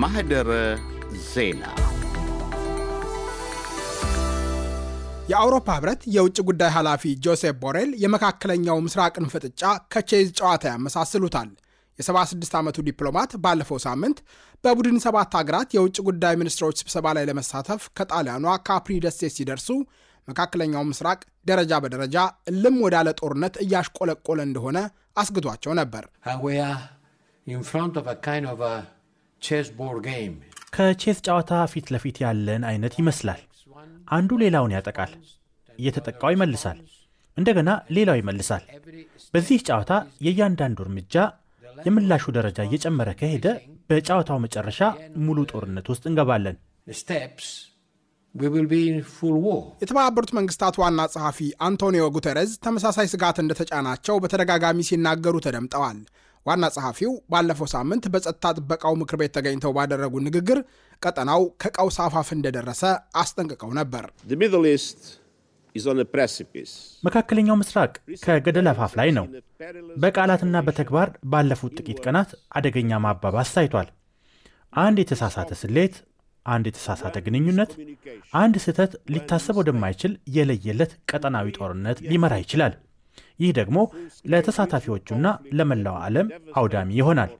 ማህደረ ዜና የአውሮፓ ህብረት የውጭ ጉዳይ ኃላፊ ጆሴፕ ቦሬል የመካከለኛው ምስራቅን ፍጥጫ ከቼዝ ጨዋታ ያመሳስሉታል። የ76 ዓመቱ ዲፕሎማት ባለፈው ሳምንት በቡድን ሰባት ሀገራት የውጭ ጉዳይ ሚኒስትሮች ስብሰባ ላይ ለመሳተፍ ከጣሊያኗ ካፕሪ ደሴት ሲደርሱ መካከለኛው ምስራቅ ደረጃ በደረጃ እልም ወዳለ ጦርነት እያሽቆለቆለ እንደሆነ አስግቷቸው ነበር። ከቼስ ጨዋታ ፊት ለፊት ያለን አይነት ይመስላል። አንዱ ሌላውን ያጠቃል፣ እየተጠቃው ይመልሳል፣ እንደገና ሌላው ይመልሳል። በዚህ ጨዋታ የእያንዳንዱ እርምጃ የምላሹ ደረጃ እየጨመረ ከሄደ በጨዋታው መጨረሻ ሙሉ ጦርነት ውስጥ እንገባለን። የተባበሩት መንግስታት ዋና ጸሐፊ አንቶኒዮ ጉተረዝ ተመሳሳይ ስጋት እንደተጫናቸው በተደጋጋሚ ሲናገሩ ተደምጠዋል። ዋና ጸሐፊው ባለፈው ሳምንት በጸጥታ ጥበቃው ምክር ቤት ተገኝተው ባደረጉ ንግግር ቀጠናው ከቀውስ አፋፍ እንደደረሰ አስጠንቅቀው ነበር። መካከለኛው ምስራቅ ከገደል አፋፍ ላይ ነው። በቃላትና በተግባር ባለፉት ጥቂት ቀናት አደገኛ ማባባስ ታይቷል። አንድ የተሳሳተ ስሌት፣ አንድ የተሳሳተ ግንኙነት፣ አንድ ስህተት ሊታሰብ ወደማይችል የለየለት ቀጠናዊ ጦርነት ሊመራ ይችላል። ይህ ደግሞ ለተሳታፊዎቹና ለመላው ዓለም አውዳሚ ይሆናል።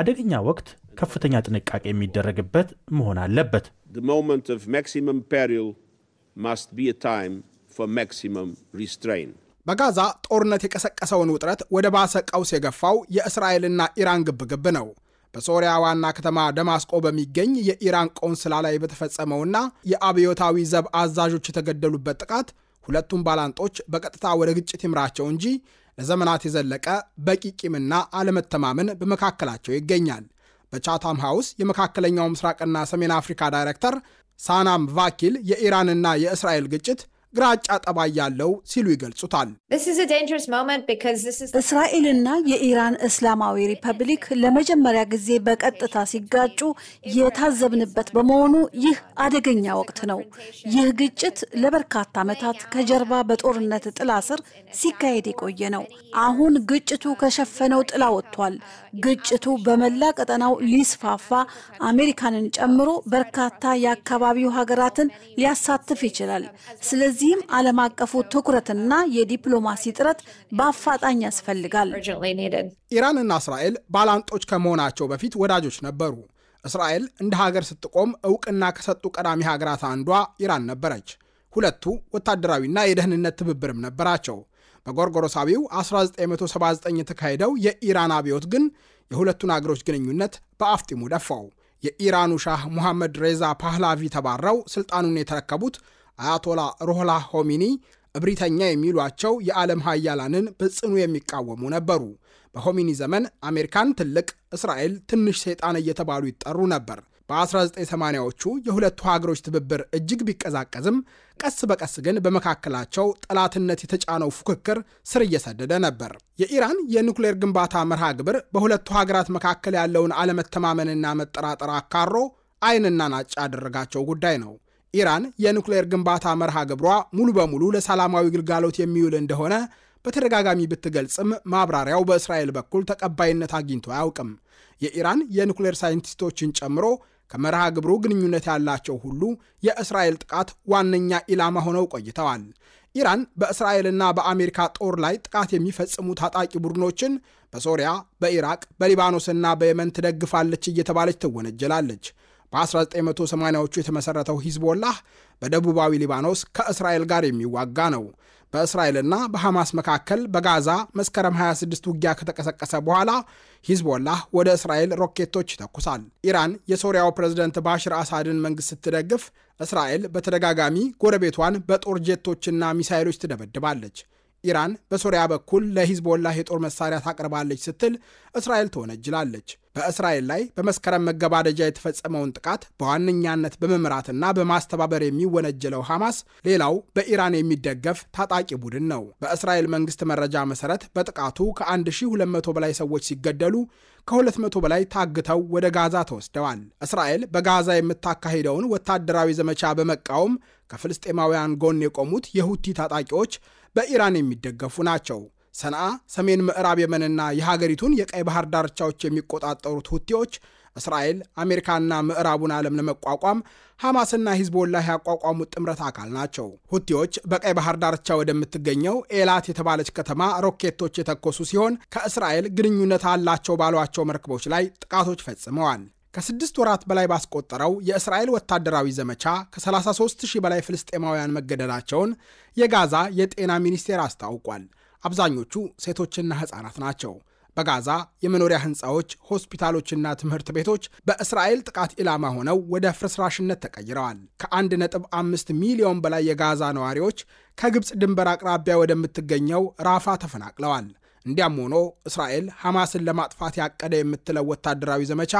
አደገኛ ወቅት ከፍተኛ ጥንቃቄ የሚደረግበት መሆን አለበት። በጋዛ ጦርነት የቀሰቀሰውን ውጥረት ወደ ባሰ ቀውስ የገፋው የእስራኤልና ኢራን ግብግብ ነው። በሶሪያ ዋና ከተማ ደማስቆ በሚገኝ የኢራን ቆንስላ ላይ በተፈጸመውና የአብዮታዊ ዘብ አዛዦች የተገደሉበት ጥቃት ሁለቱም ባላንጦች በቀጥታ ወደ ግጭት ይምራቸው እንጂ ለዘመናት የዘለቀ በቂ ቂምና አለመተማመን በመካከላቸው ይገኛል። በቻታም ሃውስ የመካከለኛው ምስራቅና ሰሜን አፍሪካ ዳይሬክተር ሳናም ቫኪል የኢራንና የእስራኤል ግጭት ግራጫ ጠባይ ያለው ሲሉ ይገልጹታል። እስራኤልና የኢራን እስላማዊ ሪፐብሊክ ለመጀመሪያ ጊዜ በቀጥታ ሲጋጩ የታዘብንበት በመሆኑ ይህ አደገኛ ወቅት ነው። ይህ ግጭት ለበርካታ ዓመታት ከጀርባ በጦርነት ጥላ ስር ሲካሄድ የቆየ ነው። አሁን ግጭቱ ከሸፈነው ጥላ ወጥቷል። ግጭቱ በመላ ቀጠናው ሊስፋፋ አሜሪካንን ጨምሮ በርካታ የአካባቢው ሀገራትን ሊያሳትፍ ይችላል። ስለዚህ ለዚህም ዓለም አቀፉ ትኩረትና የዲፕሎማሲ ጥረት በአፋጣኝ ያስፈልጋል። ኢራንና እስራኤል ባላንጦች ከመሆናቸው በፊት ወዳጆች ነበሩ። እስራኤል እንደ ሀገር ስትቆም እውቅና ከሰጡ ቀዳሚ ሀገራት አንዷ ኢራን ነበረች። ሁለቱ ወታደራዊና የደህንነት ትብብርም ነበራቸው። በጎርጎሮሳዊው 1979 የተካሄደው የኢራን አብዮት ግን የሁለቱን አገሮች ግንኙነት በአፍጢሙ ደፋው። የኢራኑ ሻህ ሙሐመድ ሬዛ ፓህላቪ ተባረው ስልጣኑን የተረከቡት አያቶላ ሮህላ ሆሚኒ እብሪተኛ የሚሏቸው የዓለም ሀያላንን በጽኑ የሚቃወሙ ነበሩ። በሆሚኒ ዘመን አሜሪካን ትልቅ፣ እስራኤል ትንሽ ሰይጣን እየተባሉ ይጠሩ ነበር። በ1980ዎቹ የሁለቱ ሀገሮች ትብብር እጅግ ቢቀዛቀዝም ቀስ በቀስ ግን በመካከላቸው ጠላትነት የተጫነው ፉክክር ስር እየሰደደ ነበር። የኢራን የኒኩሌር ግንባታ መርሃ ግብር በሁለቱ ሀገራት መካከል ያለውን አለመተማመንና መጠራጠር አካሮ አይንና ናጭ ያደረጋቸው ጉዳይ ነው። ኢራን የኒውክሌር ግንባታ መርሃ ግብሯ ሙሉ በሙሉ ለሰላማዊ ግልጋሎት የሚውል እንደሆነ በተደጋጋሚ ብትገልጽም ማብራሪያው በእስራኤል በኩል ተቀባይነት አግኝቶ አያውቅም። የኢራን የኒውክሌር ሳይንቲስቶችን ጨምሮ ከመርሃ ግብሩ ግንኙነት ያላቸው ሁሉ የእስራኤል ጥቃት ዋነኛ ኢላማ ሆነው ቆይተዋል። ኢራን በእስራኤልና በአሜሪካ ጦር ላይ ጥቃት የሚፈጽሙ ታጣቂ ቡድኖችን በሶሪያ፣ በኢራቅ፣ በሊባኖስና በየመን ትደግፋለች እየተባለች ትወነጀላለች። በ1980ዎቹ የተመሠረተው ሂዝቦላህ በደቡባዊ ሊባኖስ ከእስራኤል ጋር የሚዋጋ ነው። በእስራኤልና በሐማስ መካከል በጋዛ መስከረም 26 ውጊያ ከተቀሰቀሰ በኋላ ሂዝቦላህ ወደ እስራኤል ሮኬቶች ይተኩሳል። ኢራን የሶሪያው ፕሬዝደንት ባሽር አሳድን መንግሥት ስትደግፍ፣ እስራኤል በተደጋጋሚ ጎረቤቷን በጦር ጄቶችና ሚሳይሎች ትደበድባለች። ኢራን በሶሪያ በኩል ለሂዝቦላህ የጦር መሳሪያ ታቀርባለች ስትል እስራኤል ትወነጅላለች። በእስራኤል ላይ በመስከረም መገባደጃ የተፈጸመውን ጥቃት በዋነኛነት በመምራትና በማስተባበር የሚወነጀለው ሐማስ ሌላው በኢራን የሚደገፍ ታጣቂ ቡድን ነው። በእስራኤል መንግስት መረጃ መሰረት በጥቃቱ ከ1200 በላይ ሰዎች ሲገደሉ ከ200 በላይ ታግተው ወደ ጋዛ ተወስደዋል። እስራኤል በጋዛ የምታካሂደውን ወታደራዊ ዘመቻ በመቃወም ከፍልስጤማውያን ጎን የቆሙት የሁቲ ታጣቂዎች በኢራን የሚደገፉ ናቸው። ሰንዓ፣ ሰሜን ምዕራብ የመንና የሀገሪቱን የቀይ ባህር ዳርቻዎች የሚቆጣጠሩት ሁቲዎች እስራኤል፣ አሜሪካና ምዕራቡን ዓለም ለመቋቋም ሐማስና ሂዝቦላህ ያቋቋሙት ጥምረት አካል ናቸው። ሁቲዎች በቀይ ባህር ዳርቻ ወደምትገኘው ኤላት የተባለች ከተማ ሮኬቶች የተኮሱ ሲሆን ከእስራኤል ግንኙነት አላቸው ባሏቸው መርከቦች ላይ ጥቃቶች ፈጽመዋል። ከስድስት ወራት በላይ ባስቆጠረው የእስራኤል ወታደራዊ ዘመቻ ከ33 ሺህ በላይ ፍልስጤማውያን መገደላቸውን የጋዛ የጤና ሚኒስቴር አስታውቋል። አብዛኞቹ ሴቶችና ሕፃናት ናቸው። በጋዛ የመኖሪያ ሕንፃዎች፣ ሆስፒታሎችና ትምህርት ቤቶች በእስራኤል ጥቃት ኢላማ ሆነው ወደ ፍርስራሽነት ተቀይረዋል። ከአንድ ነጥብ አምስት ሚሊዮን በላይ የጋዛ ነዋሪዎች ከግብፅ ድንበር አቅራቢያ ወደምትገኘው ራፋ ተፈናቅለዋል። እንዲያም ሆኖ እስራኤል ሐማስን ለማጥፋት ያቀደ የምትለው ወታደራዊ ዘመቻ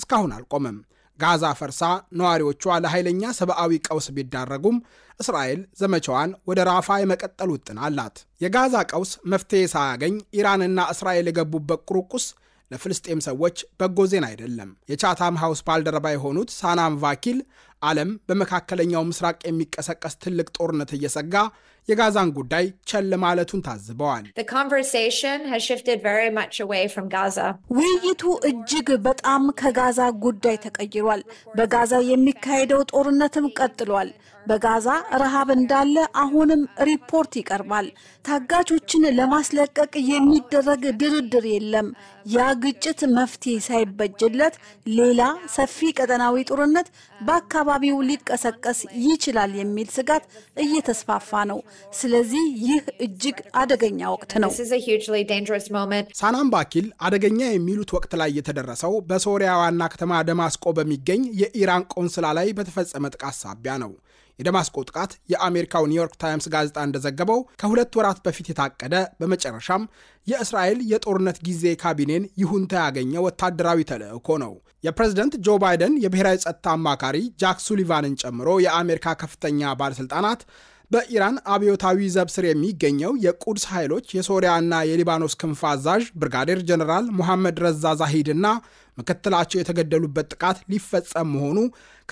እስካሁን አልቆመም። ጋዛ ፈርሳ ነዋሪዎቿ ለኃይለኛ ሰብአዊ ቀውስ ቢዳረጉም እስራኤል ዘመቻዋን ወደ ራፋ የመቀጠል ውጥን አላት። የጋዛ ቀውስ መፍትሔ ሳያገኝ ኢራንና እስራኤል የገቡበት ቁርቁስ ለፍልስጤም ሰዎች በጎ ዜና አይደለም። የቻታም ሃውስ ባልደረባ የሆኑት ሳናም ቫኪል ዓለም በመካከለኛው ምስራቅ የሚቀሰቀስ ትልቅ ጦርነት እየሰጋ የጋዛን ጉዳይ ቸል ማለቱን ታዝበዋል። ውይይቱ እጅግ በጣም ከጋዛ ጉዳይ ተቀይሯል። በጋዛ የሚካሄደው ጦርነትም ቀጥሏል። በጋዛ ረሃብ እንዳለ አሁንም ሪፖርት ይቀርባል። ታጋቾችን ለማስለቀቅ የሚደረግ ድርድር የለም። ያ ግጭት መፍትሄ ሳይበጅለት ሌላ ሰፊ ቀጠናዊ ጦርነት በአካባቢው ሊቀሰቀስ ይችላል የሚል ስጋት እየተስፋፋ ነው። ስለዚህ ይህ እጅግ አደገኛ ወቅት ነው። ሳናም ባኪል አደገኛ የሚሉት ወቅት ላይ የተደረሰው በሶሪያ ዋና ከተማ ደማስቆ በሚገኝ የኢራን ቆንስላ ላይ በተፈጸመ ጥቃት ሳቢያ ነው። የደማስቆ ጥቃት የአሜሪካው ኒውዮርክ ታይምስ ጋዜጣ እንደዘገበው ከሁለት ወራት በፊት የታቀደ በመጨረሻም የእስራኤል የጦርነት ጊዜ ካቢኔን ይሁንታ ያገኘ ወታደራዊ ተልዕኮ ነው። የፕሬዝደንት ጆ ባይደን የብሔራዊ ጸጥታ አማካሪ ጃክ ሱሊቫንን ጨምሮ የአሜሪካ ከፍተኛ ባለሥልጣናት በኢራን አብዮታዊ ዘብ ስር የሚገኘው የቁድስ ኃይሎች የሶሪያና የሊባኖስ ክንፍ አዛዥ ብርጋዴር ጀነራል ሙሐመድ ረዛ ዛሂድና ምክትላቸው የተገደሉበት ጥቃት ሊፈጸም መሆኑ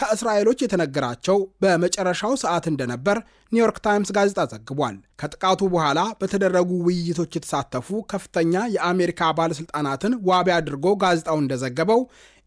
ከእስራኤሎች የተነገራቸው በመጨረሻው ሰዓት እንደነበር ኒውዮርክ ታይምስ ጋዜጣ ዘግቧል። ከጥቃቱ በኋላ በተደረጉ ውይይቶች የተሳተፉ ከፍተኛ የአሜሪካ ባለሥልጣናትን ዋቢ አድርጎ ጋዜጣው እንደዘገበው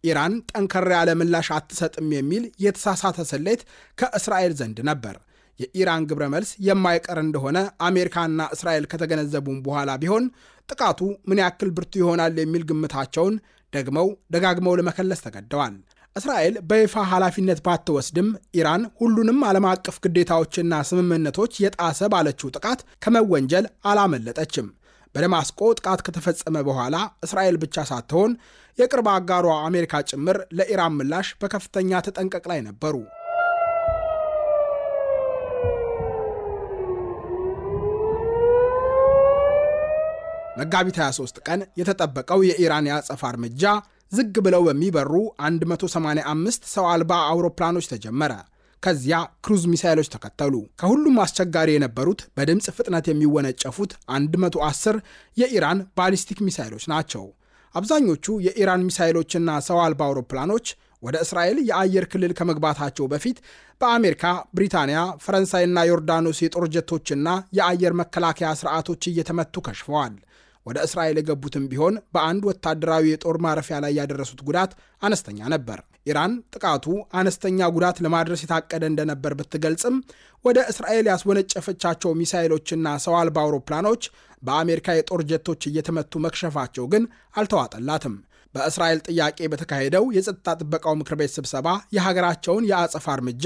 ኢራን ጠንከር ያለ ምላሽ አትሰጥም የሚል የተሳሳተ ስሌት ከእስራኤል ዘንድ ነበር። የኢራን ግብረ መልስ የማይቀር እንደሆነ አሜሪካና እስራኤል ከተገነዘቡም በኋላ ቢሆን ጥቃቱ ምን ያክል ብርቱ ይሆናል የሚል ግምታቸውን ደግመው ደጋግመው ለመከለስ ተገደዋል። እስራኤል በይፋ ኃላፊነት ባትወስድም ኢራን ሁሉንም ዓለም አቀፍ ግዴታዎችና ስምምነቶች የጣሰ ባለችው ጥቃት ከመወንጀል አላመለጠችም። በደማስቆ ጥቃት ከተፈጸመ በኋላ እስራኤል ብቻ ሳትሆን የቅርብ አጋሯ አሜሪካ ጭምር ለኢራን ምላሽ በከፍተኛ ተጠንቀቅ ላይ ነበሩ። መጋቢት 23 ቀን የተጠበቀው የኢራን የአጸፋ እርምጃ ዝግ ብለው በሚበሩ 185 ሰው አልባ አውሮፕላኖች ተጀመረ። ከዚያ ክሩዝ ሚሳይሎች ተከተሉ። ከሁሉም አስቸጋሪ የነበሩት በድምፅ ፍጥነት የሚወነጨፉት 110 የኢራን ባሊስቲክ ሚሳይሎች ናቸው። አብዛኞቹ የኢራን ሚሳይሎችና ሰው አልባ አውሮፕላኖች ወደ እስራኤል የአየር ክልል ከመግባታቸው በፊት በአሜሪካ፣ ብሪታንያ፣ ፈረንሳይና ዮርዳኖስ የጦር ጀቶችና የአየር መከላከያ ስርዓቶች እየተመቱ ከሽፈዋል። ወደ እስራኤል የገቡትም ቢሆን በአንድ ወታደራዊ የጦር ማረፊያ ላይ ያደረሱት ጉዳት አነስተኛ ነበር። ኢራን ጥቃቱ አነስተኛ ጉዳት ለማድረስ የታቀደ እንደነበር ብትገልጽም ወደ እስራኤል ያስወነጨፈቻቸው ሚሳይሎችና ሰው አልባ አውሮፕላኖች በአሜሪካ የጦር ጀቶች እየተመቱ መክሸፋቸው ግን አልተዋጠላትም። በእስራኤል ጥያቄ በተካሄደው የጸጥታ ጥበቃው ምክር ቤት ስብሰባ የሀገራቸውን የአጸፋ እርምጃ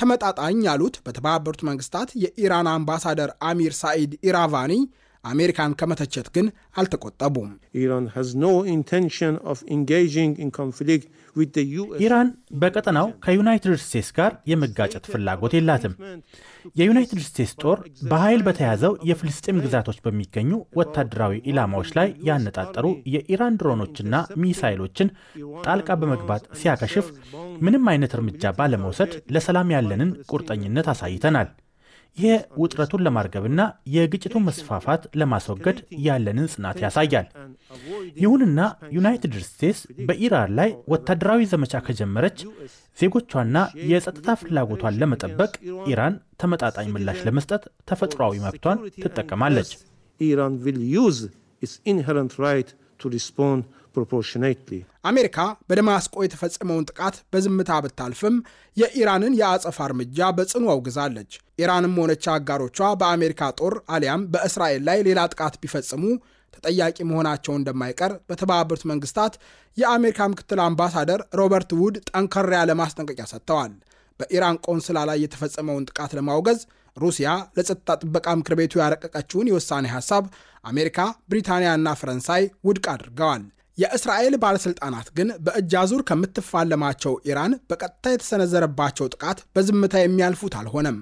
ተመጣጣኝ ያሉት በተባበሩት መንግስታት የኢራን አምባሳደር አሚር ሳኢድ ኢራቫኒ አሜሪካን ከመተቸት ግን አልተቆጠቡም። ኢራን በቀጠናው ከዩናይትድ ስቴትስ ጋር የመጋጨት ፍላጎት የላትም። የዩናይትድ ስቴትስ ጦር በኃይል በተያዘው የፍልስጤም ግዛቶች በሚገኙ ወታደራዊ ኢላማዎች ላይ ያነጣጠሩ የኢራን ድሮኖችና ሚሳይሎችን ጣልቃ በመግባት ሲያከሽፍ ምንም አይነት እርምጃ ባለመውሰድ ለሰላም ያለንን ቁርጠኝነት አሳይተናል። ይህ ውጥረቱን ለማርገብና የግጭቱን መስፋፋት ለማስወገድ ያለንን ጽናት ያሳያል። ይሁንና ዩናይትድ ስቴትስ በኢራን ላይ ወታደራዊ ዘመቻ ከጀመረች ዜጎቿና የጸጥታ ፍላጎቷን ለመጠበቅ ኢራን ተመጣጣኝ ምላሽ ለመስጠት ተፈጥሯዊ መብቷን ትጠቀማለች። ኢራን ዊል ዩዝ ኢትስ ኢንሄረንት ራይት ቱ ሪስፖንድ አሜሪካ በደማስቆ የተፈጸመውን ጥቃት በዝምታ ብታልፍም የኢራንን የአጸፋ እርምጃ በጽኑ አውግዛለች። ኢራንም ሆነች አጋሮቿ በአሜሪካ ጦር አሊያም በእስራኤል ላይ ሌላ ጥቃት ቢፈጽሙ ተጠያቂ መሆናቸው እንደማይቀር በተባበሩት መንግስታት የአሜሪካ ምክትል አምባሳደር ሮበርት ውድ ጠንከር ያለ ማስጠንቀቂያ ሰጥተዋል። በኢራን ቆንስላ ላይ የተፈጸመውን ጥቃት ለማውገዝ ሩሲያ ለጸጥታ ጥበቃ ምክር ቤቱ ያረቀቀችውን የውሳኔ ሐሳብ አሜሪካ፣ ብሪታንያና ፈረንሳይ ውድቅ አድርገዋል። የእስራኤል ባለሥልጣናት ግን በእጅ አዙር ከምትፋለማቸው ኢራን በቀጥታ የተሰነዘረባቸው ጥቃት በዝምታ የሚያልፉት አልሆነም።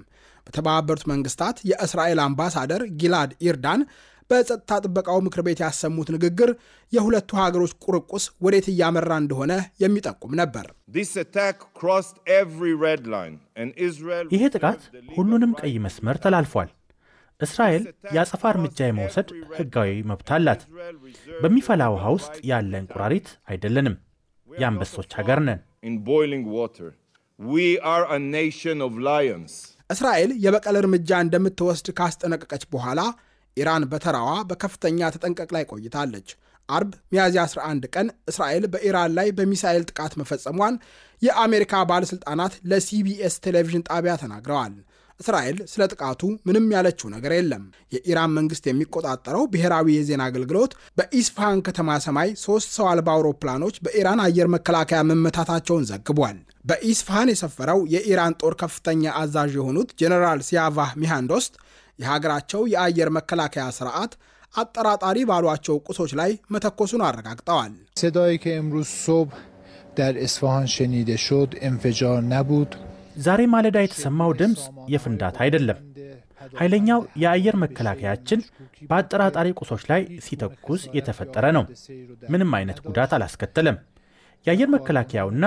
በተባበሩት መንግስታት የእስራኤል አምባሳደር ጊላድ ኢርዳን በጸጥታ ጥበቃው ምክር ቤት ያሰሙት ንግግር የሁለቱ ሀገሮች ቁርቁስ ወዴት እያመራ እንደሆነ የሚጠቁም ነበር። ይሄ ጥቃት ሁሉንም ቀይ መስመር ተላልፏል። እስራኤል የአጸፋ እርምጃ የመውሰድ ሕጋዊ መብት አላት። በሚፈላ ውሃ ውስጥ ያለ እንቁራሪት አይደለንም። የአንበሶች ሀገር ነን። እስራኤል የበቀል እርምጃ እንደምትወስድ ካስጠነቀቀች በኋላ ኢራን በተራዋ በከፍተኛ ተጠንቀቅ ላይ ቆይታለች። አርብ ሚያዝያ 11 ቀን እስራኤል በኢራን ላይ በሚሳኤል ጥቃት መፈጸሟን የአሜሪካ ባለሥልጣናት ለሲቢኤስ ቴሌቪዥን ጣቢያ ተናግረዋል። እስራኤል ስለ ጥቃቱ ምንም ያለችው ነገር የለም። የኢራን መንግስት የሚቆጣጠረው ብሔራዊ የዜና አገልግሎት በኢስፋሃን ከተማ ሰማይ ሶስት ሰው አልባ አውሮፕላኖች በኢራን አየር መከላከያ መመታታቸውን ዘግቧል። በኢስፋሃን የሰፈረው የኢራን ጦር ከፍተኛ አዛዥ የሆኑት ጄኔራል ሲያቫህ ሚሃንዶስት የሀገራቸው የአየር መከላከያ ስርዓት አጠራጣሪ ባሏቸው ቁሶች ላይ መተኮሱን አረጋግጠዋል። ሴዳይ ከ ሶብ ደር እስፋሃን ሸኒደ ሾድ እንፈጃር ነቡድ ዛሬ ማለዳ የተሰማው ድምፅ የፍንዳታ አይደለም። ኃይለኛው የአየር መከላከያችን በአጠራጣሪ ቁሶች ላይ ሲተኩስ የተፈጠረ ነው። ምንም አይነት ጉዳት አላስከተለም። የአየር መከላከያውና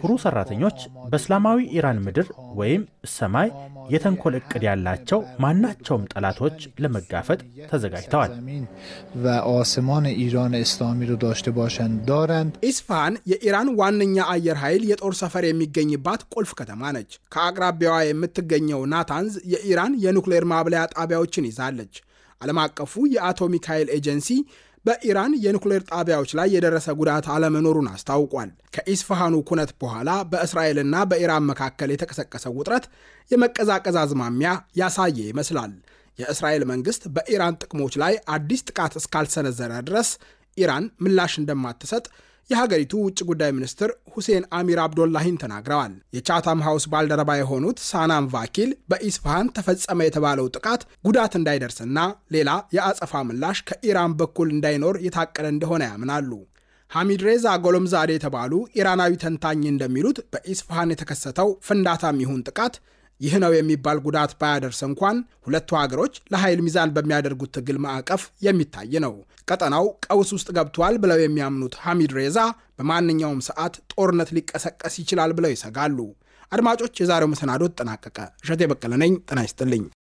ኩሩ ሰራተኞች በእስላማዊ ኢራን ምድር ወይም ሰማይ የተንኮል እቅድ ያላቸው ማናቸውም ጠላቶች ለመጋፈጥ ተዘጋጅተዋል። ኢስፋን የኢራን ዋነኛ አየር ኃይል የጦር ሰፈር የሚገኝባት ቁልፍ ከተማ ነች። ከአቅራቢያዋ የምትገኘው ናታንዝ የኢራን የኑክሌር ማብለያ ጣቢያዎችን ይዛለች። ዓለም አቀፉ የአቶሚክ ኃይል ኤጀንሲ በኢራን የኒኩሌር ጣቢያዎች ላይ የደረሰ ጉዳት አለመኖሩን አስታውቋል። ከኢስፋሃኑ ኩነት በኋላ በእስራኤልና በኢራን መካከል የተቀሰቀሰው ውጥረት የመቀዛቀዝ አዝማሚያ ያሳየ ይመስላል። የእስራኤል መንግስት በኢራን ጥቅሞች ላይ አዲስ ጥቃት እስካልሰነዘረ ድረስ ኢራን ምላሽ እንደማትሰጥ የሀገሪቱ ውጭ ጉዳይ ሚኒስትር ሁሴን አሚር አብዶላሂን ተናግረዋል። የቻታም ሀውስ ባልደረባ የሆኑት ሳናም ቫኪል በኢስፋሃን ተፈጸመ የተባለው ጥቃት ጉዳት እንዳይደርስና ሌላ የአጸፋ ምላሽ ከኢራን በኩል እንዳይኖር የታቀደ እንደሆነ ያምናሉ። ሐሚድ ሬዛ ጎሎምዛዴ የተባሉ ኢራናዊ ተንታኝ እንደሚሉት በኢስፋሃን የተከሰተው ፍንዳታም ይሁን ጥቃት ይህ ነው የሚባል ጉዳት ባያደርስ እንኳን ሁለቱ ሀገሮች ለኃይል ሚዛን በሚያደርጉት ትግል ማዕቀፍ የሚታይ ነው። ቀጠናው ቀውስ ውስጥ ገብቷል ብለው የሚያምኑት ሐሚድ ሬዛ በማንኛውም ሰዓት ጦርነት ሊቀሰቀስ ይችላል ብለው ይሰጋሉ። አድማጮች፣ የዛሬው መሰናዶ ተጠናቀቀ። እሸቴ በቀለ ነኝ። ጤና ይስጥልኝ።